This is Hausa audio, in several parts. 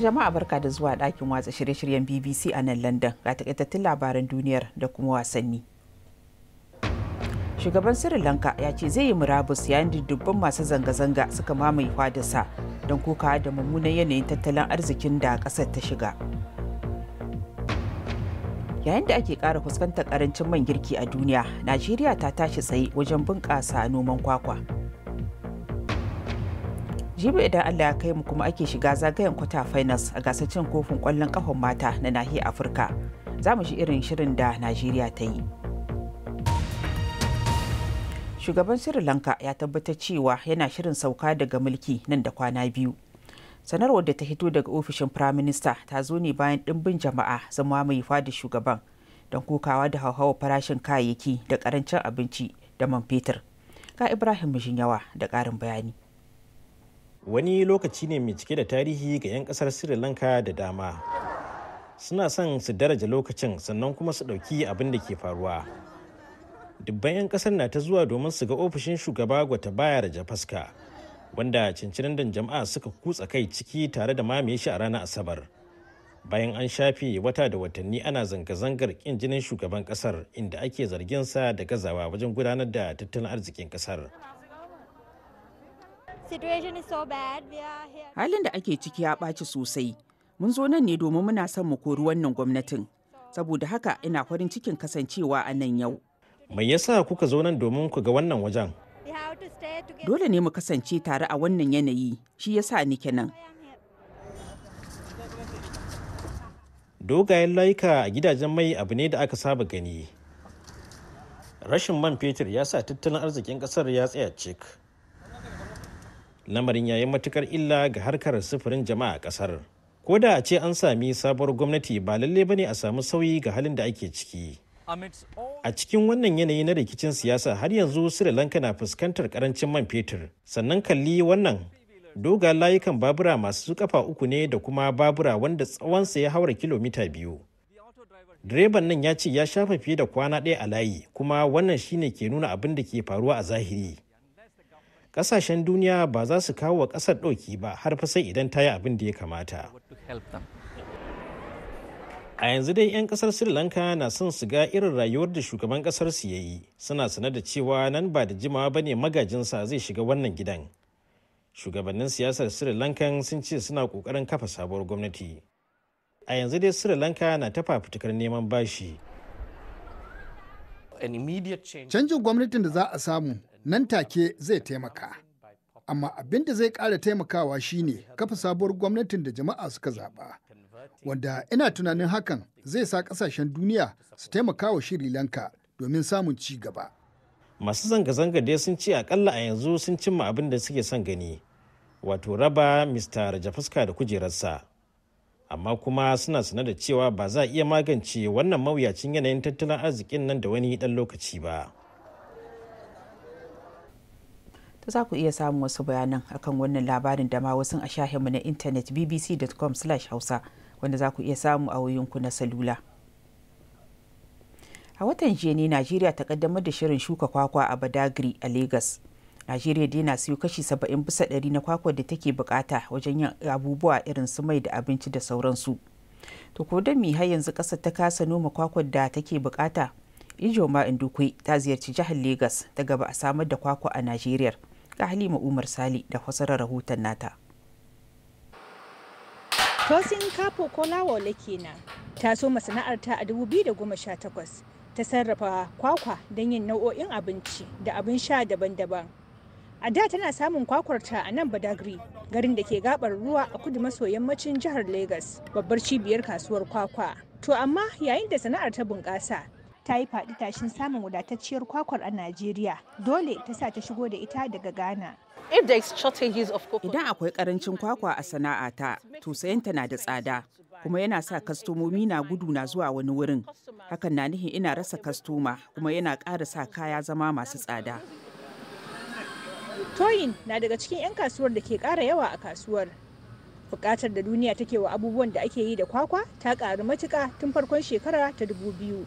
jama'a barka da zuwa ɗakin watsa shirye-shiryen bbc a nan london ga takaitattun labaran duniyar da kuma wasanni shugaban sri lanka ya ce zai yi murabus yayin da dubban masu zanga-zanga suka mamaye fadarsa don kuka da mummunan yanayin tattalin arzikin da ƙasar ta shiga yayin da ake ƙara fuskantar ƙarancin man girki a duniya najeriya ta tashi tsaye wajen bunƙasa noman kwakwa. jibi idan allah ya kai mu kuma ake shiga zagayen kwata finals a gasar cin kofin kwallon kafan mata na nahiyar afirka za mu shi irin shirin da najeriya ta yi shugaban sri lanka ya tabbatar cewa yana shirin sauka daga mulki nan da kwana biyu sanarwar da ta hito daga ofishin minister ta zo ne bayan dimbin jama'a zama mai fadi shugaban don kokawa da hauhawar farashin kayayyaki da karancin abinci da man fetur ka ibrahim yawa da karin bayani wani lokaci ne mai cike da tarihi ga 'yan kasar sri lanka da dama suna son su daraja lokacin sannan kuma su ɗauki abin da ke faruwa dubban 'yan kasar na ta zuwa domin su ga ofishin shugaba gwata da jafaska wanda cincirin jama'a suka kutsa kai ciki tare da mamaye shi a ranar asabar bayan an shafe wata da watanni ana zanga-zangar kin jinin shugaban kasar inda ake zargin sa da gazawa wajen gudanar da tattalin arzikin kasar Halin da ake ciki ya ɓaci sosai. Mun zo nan ne domin muna son mu kori wannan gwamnatin. Saboda haka ina farin cikin kasancewa a nan yau. Mai yasa kuka zo nan domin ku ga wannan wajen? Dole ne mu kasance tare a wannan yanayi, shi yasa ni kenan. Dogayen layuka a gidajen mai abu ne da aka saba gani. Rashin man fetur ya sa tattalin arzikin ƙasar ya tsaya cik. lamarin yayin matukar illa ga harkar sufurin jama'a a kasar ko da a ce an sami sabuwar gwamnati ba lalle bane a samu sauyi ga halin da ake ciki a cikin wannan yanayi na rikicin siyasa har yanzu sri lanka na fuskantar karancin man fetur sannan kalli wannan doga layukan babura masu kafa uku ne da kuma babura wanda tsawonsa ya haura kilomita biyu direban nan ya ce ya shafa fiye da kwana ɗaya a layi kuma wannan shine ke nuna abin da ke faruwa a zahiri kasashen duniya ba za su kawo wa kasar ɗauki ba har fa sai idan ta yi abin da ya kamata a yanzu dai 'yan kasar sri lanka na son su ga irin rayuwar da shugaban kasar su ya yi suna sanar da cewa nan ba da jimawa ba ne magajinsa zai shiga wannan gidan shugabannin siyasar sri lankan sun ce suna ƙoƙarin kafa sabuwar gwamnati a yanzu dai sri lanka na ta fafutukar neman bashi canjin gwamnatin da za a samu nan take zai taimaka. Amma abin da zai ƙara taimakawa shine kafa sabuwar gwamnatin da jama'a suka zaɓa. Wanda ina tunanin hakan zai sa ƙasashen duniya su taimaka wa shiri Lanka domin samun ci gaba. Masu zanga-zanga dai sun ce akalla a yanzu sun cimma abin da suke son gani. Wato raba Mr. Rajafuska da kujerarsa. amma kuma suna sanar da cewa ba za a iya magance wannan mawuyacin yanayin tattalin arzikin nan da wani dan lokaci ba. da za ku iya samun wasu bayanan akan wannan labarin da ma wasu a shahinmu na intanet bbc.com hausa wanda za ku iya samu a wuyinku na salula a watan jiya ne najeriya ta kaddamar da shirin shuka kwakwa a badagri a lagos najeriya dai na siyo kashi saba'in bisa ɗari na kwakwar da take bukata wajen yin abubuwa irin su mai da abinci da sauransu to ko da mi har yanzu ƙasar ta kasa noma kwakwar da take bukata ijoma indukwe ta ziyarci jihar lagos ta gaba a samar da kwakwa a najeriya ga halima umar sali da fasarar rahoton nata tosin kapo kolawole kenan ta so masana'arta a 2018 ta sarrafa kwakwa don yin nau'o'in abinci da abin sha daban-daban a da tana samun kwakwarta a nan badagri garin da ke gabar ruwa a kudu maso yammacin jihar lagos babbar cibiyar kasuwar kwakwa to amma yayin da sana'ar ta bunƙasa ta yi faɗi tashin samun wadatacciyar kwakwar a Najeriya dole ta sa ta shigo da ita daga Ghana. Idan akwai karancin kwakwa a sana'ata, to sayanta na da tsada, kuma yana sa kastomomi na gudu na zuwa wani wurin. Hakan na nihin ina rasa kastoma kuma yana ƙara sa kaya zama masu tsada. Toyin na daga cikin 'yan kasuwar da ke ƙara yawa a kasuwar. Bukatar da duniya take wa abubuwan da ake yi da kwakwa ta ƙaru matuka tun farkon shekara ta dubu biyu.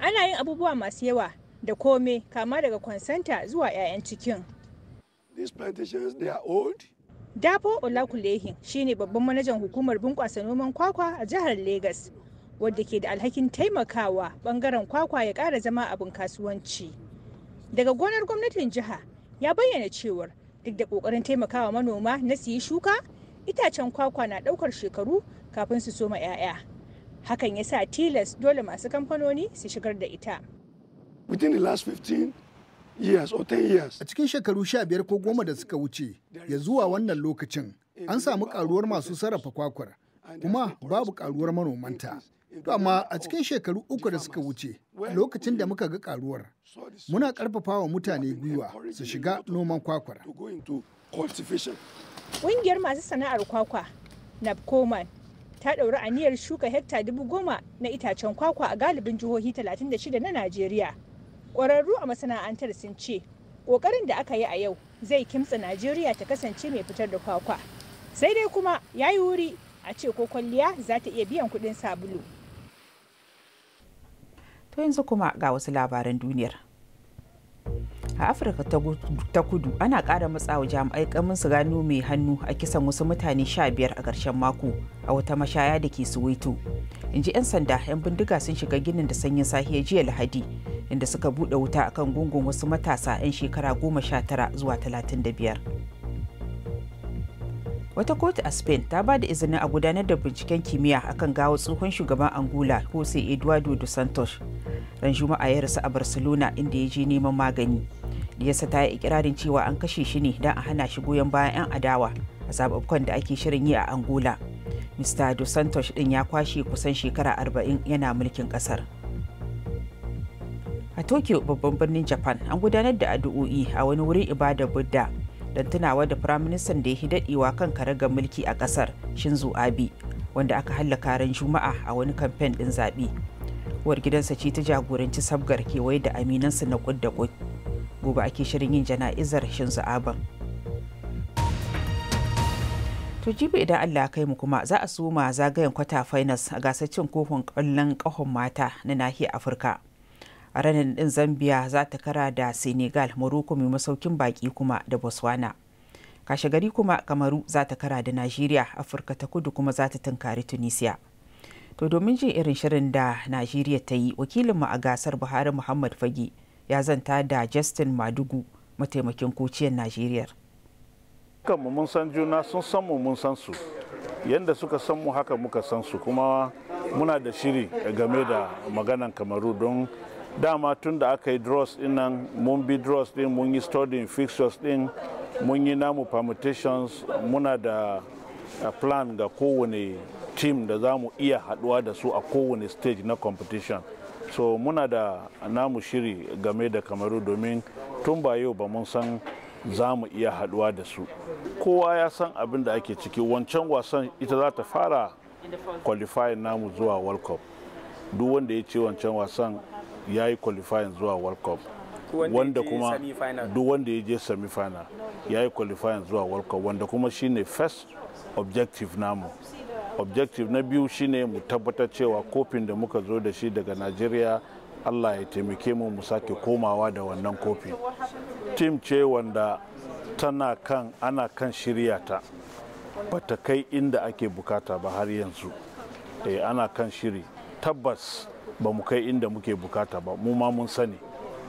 ana yin abubuwa masu yawa da kome kama daga kwansanta zuwa 'ya'yan cikin Dapo shi ne Olakulehin shine babban manajan hukumar bunƙasa noman kwakwa a jihar Legas wadda ke da alhakin taimakawa bangaren kwakwa ya ƙara zama abin kasuwanci. Daga gonar gwamnatin jiha ya bayyana cewar duk da ƙoƙarin taimakawa manoma na siyi shuka itacen kwakwa na ɗaukar shekaru kafin su soma 'ya'ya. hakan ya sa tilas dole masu kamfanoni su shigar da ita within the last 15 years or 10 years a cikin shekaru sha biyar ko goma da suka wuce ya zuwa wannan lokacin an samu karuwar masu sarrafa kwakwar kuma babu karuwar manomanta To amma a cikin shekaru uku da suka wuce lokacin da muka ga karuwar muna karfafa wa mutane gwiwa su shiga noman kwakwar. Ƙungiyar masu sana'ar kwakwa, Napcoman, ta ɗauri aniyar shuka hekta dubu goma na itacen kwakwa a galibin jihohi 36 na Najeriya. Ƙwararru a masana'antar sun ce, ƙoƙarin da aka yi a yau zai kimtsa Najeriya ta kasance mai fitar da kwakwa. Sai dai kuma ya yi wuri a ce ko kwalliya za ta iya biyan kuɗin sabulu. To yanzu kuma ga wasu labaran duniyar. a afirka ta kudu ana ƙara matsawa jami'ai kamun su gano mai hannu a kisan wasu mutane sha biyar a ƙarshen mako a wata mashaya da ke suwaito in ji 'yan sanda 'yan bindiga sun shiga ginin da sanyin safiya jiya lahadi inda suka buɗe wuta akan gungun wasu matasa 'yan shekara goma sha tara zuwa talatin da biyar wata kotu a spain ta ba da izinin a gudanar da binciken kimiyya akan gawo tsohon shugaban angola jose eduardo dos santos ran juma'a ya rasu a barcelona inda ya je neman magani diyarsa ta yi ikirarin cewa an kashe shi ne don a hana shi goyon bayan 'yan adawa a zaɓuɓɓukan da ake shirin yi a angola mr dos santos ɗin ya kwashe kusan shekara 40 yana mulkin ƙasar a tokyo babban birnin japan an gudanar da addu'o'i a wani wurin ibada budda don tunawa da firaministan da ya daɗewa kan ga mulki a ƙasar shinzo abe wanda aka hallaka ran juma'a a wani kamfen ɗin zaɓe uwar gidansa ce ta jagoranci sabgar kewaye da aminansa na kud da kud gobe ake shirin yin jana'izar shinzu aban to jibi idan allah kai mu kuma za a suma zagayen kwata finals a gasar cin kofin kwallon kahon mata na nahiyar afirka a ranar din zambia za ta kara da senegal morocco mai masaukin baki kuma da botswana kashe gari kuma kamaru za ta kara da nigeria afirka ta kudu kuma za ta tunkari tunisia to domin jin irin shirin da nigeria ta yi wakilinmu a gasar buhari muhammad fage ya zanta da justin madugu mataimakin kociyar najeriya mu mun san juna sun san mu mun san su yadda suka san mu haka muka san su kuma muna da shiri game da maganan kamaru don dama tun da aka yi draws din nan mun bi draws din mun yi studying fixtures din mun yi namu permutations muna da plan ga kowane team da za mu iya haduwa da su a kowane stage na competition so muna da namu shiri game da kamaru domin tun ba yau ba mun san za mu iya haduwa da su kowa ya san abin da ake ciki wancan wasan ita za ta fara qualifying namu zuwa world cup duk wanda ya ce wancan wasan ya yi qualifying zuwa world cup wanda kuma duk wanda ya je semi-final ya yi qualifying zuwa world cup wanda kuma shine first objective namu objective na biyu shine mu tabbatar cewa kofin da muka zo da shi daga najeriya allah ya taimake mu mu sake komawa da wannan kofin tim ce wanda tana kan ana kan shirya ta ba kai inda ake bukata ba har yanzu eh ana kan shiri tabbas ba mu kai inda muke bukata ba mu ma mun sani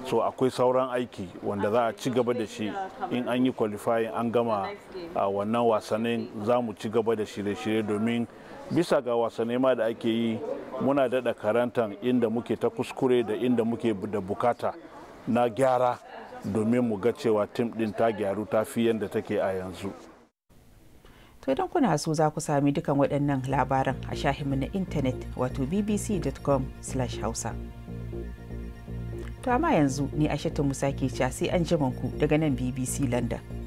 so akwai sauran aiki wanda za a ci gaba da shi in an yi qualifying an gama a wannan wasannin za mu ci gaba da shirye-shirye domin bisa ga wasanni ma da ake yi muna daɗa karantan inda muke ta kuskure da inda muke da bukata na gyara domin mu ga cewa tim ɗin ta gyaru ta fi yadda take a yanzu to idan kuna so za ku sami dukan waɗannan labaran a shahinmu na intanet wato bbc.com/hausa to amma yanzu ni shatta musa ke sai an ku daga nan bbc london